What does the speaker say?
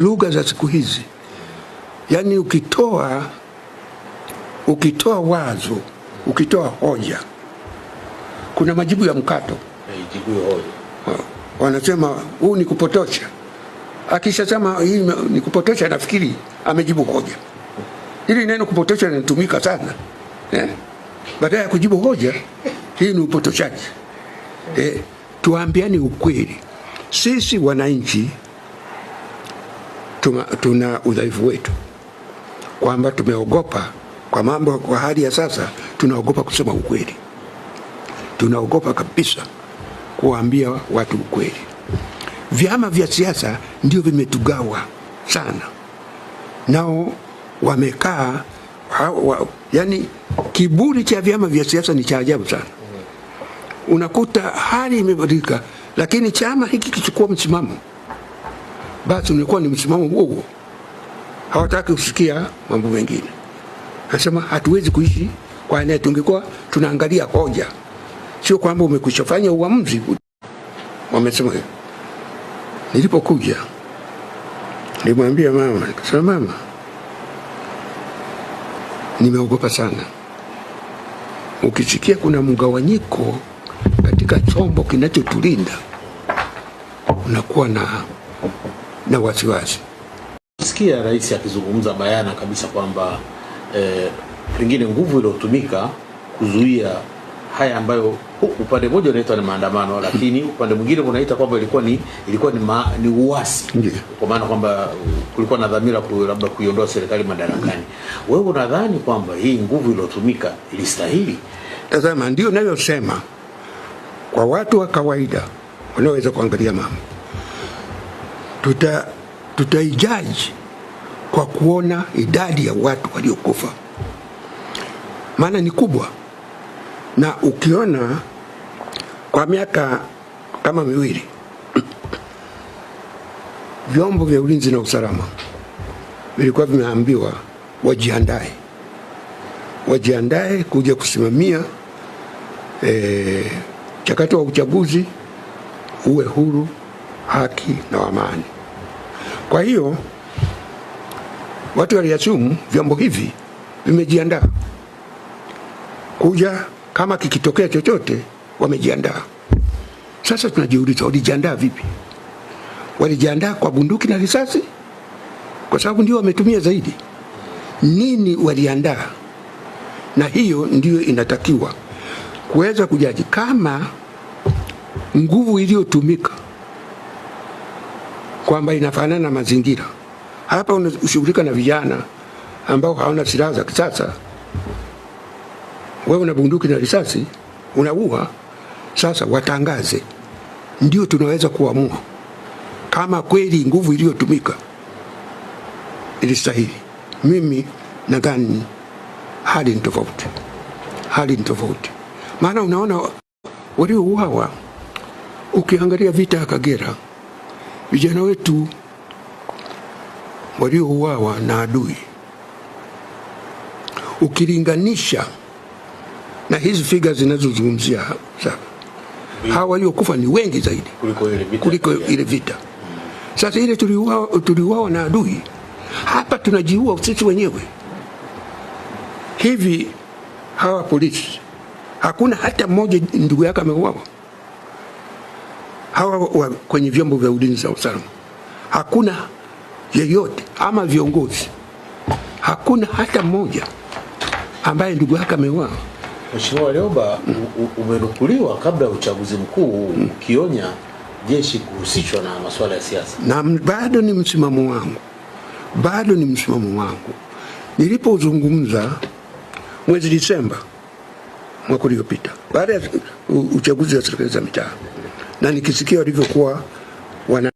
lugha za siku hizi, yaani ukitoa ukitoa wazo, ukitoa hoja, kuna majibu ya mkato. Wanasema huu ni kupotosha. Akishasema hii ni kupotosha, nafikiri amejibu hoja. Hili neno kupotosha linatumika sana eh? Baada ya kujibu hoja, hii ni upotoshaji eh. Tuambiani ukweli sisi wananchi tuna, tuna udhaifu wetu kwamba tumeogopa kwa mambo kwa hali ya sasa, tunaogopa kusema ukweli, tunaogopa kabisa kuwaambia watu ukweli. Vyama vya siasa ndio vimetugawa sana, nao wamekaa wa, yani kiburi cha vyama vya siasa ni cha ajabu sana. Unakuta hali imebadilika, lakini chama hiki kichukua msimamo basi ulikuwa ni msimamo huo, hawataki kusikia mambo mengine. Anasema hatuwezi kuishi kwa nini? tungekuwa tunaangalia hoja, sio kwamba umekwisha fanya uamuzi. Wamesema hivyo. Nilipokuja nilimwambia mama, nikasema mama, nimeogopa sana. Ukisikia kuna mgawanyiko katika chombo kinachotulinda unakuwa na na wasiwasi. Sikia rais akizungumza bayana kabisa kwamba eh, pengine nguvu iliyotumika kuzuia haya ambayo upande mmoja unaitwa ni maandamano lakini upande mwingine unaita kwamba ilikuwa ni ilikuwa ni, ma, ni uasi yeah. Kwa maana kwamba kulikuwa na dhamira ku, labda kuiondoa serikali madarakani. Wewe unadhani kwamba hii nguvu iliyotumika ilistahili? Tazama, ndio nayosema kwa watu wa kawaida wanaweza kuangalia mama tuta tutaijaji kwa kuona idadi ya watu waliokufa, maana ni kubwa. Na ukiona kwa miaka kama miwili vyombo vya ulinzi na usalama vilikuwa vimeambiwa wajiandae, wajiandae kuja kusimamia eh, mchakato e, wa uchaguzi uwe huru, haki na amani. Kwa hiyo watu waliasumu vyombo hivi vimejiandaa kuja, kama kikitokea chochote wamejiandaa. Sasa tunajiuliza walijiandaa vipi? Walijiandaa kwa bunduki na risasi, kwa sababu ndio wametumia zaidi. Nini waliandaa? Na hiyo ndiyo inatakiwa kuweza kujaji kama nguvu iliyotumika kwamba inafanana na mazingira. Hapa unashughulika na vijana ambao hawana silaha za kisasa, wewe una bunduki na risasi unaua. Sasa watangaze, ndio tunaweza kuamua kama kweli nguvu iliyotumika ilistahili. Mimi nadhani hali ni tofauti, hali ni tofauti, maana unaona waliouawa ukiangalia vita ya Kagera vijana wetu waliouawa na adui ukilinganisha na hizi figa zinazozungumzia hawa waliokufa ni wengi zaidi kuliko ile vita, Sasa ile tuliuawa na adui, hapa tunajiua sisi wenyewe. Hivi hawa polisi hakuna hata mmoja ndugu yake ameuawa? hawa wa kwenye vyombo vya ulinzi na usalama, hakuna yeyote ama viongozi, hakuna hata mmoja ambaye ndugu yake ameuawa. Mheshimiwa Warioba, mm. umenukuliwa kabla ya uchaguzi mkuu mm. ukionya jeshi kuhusishwa na masuala ya siasa, na bado ni msimamo wangu, bado ni msimamo wangu. Nilipozungumza mwezi Disemba mwaka uliopita baada ya uchaguzi wa serikali za mitaa na nikisikia walivyokuwa wana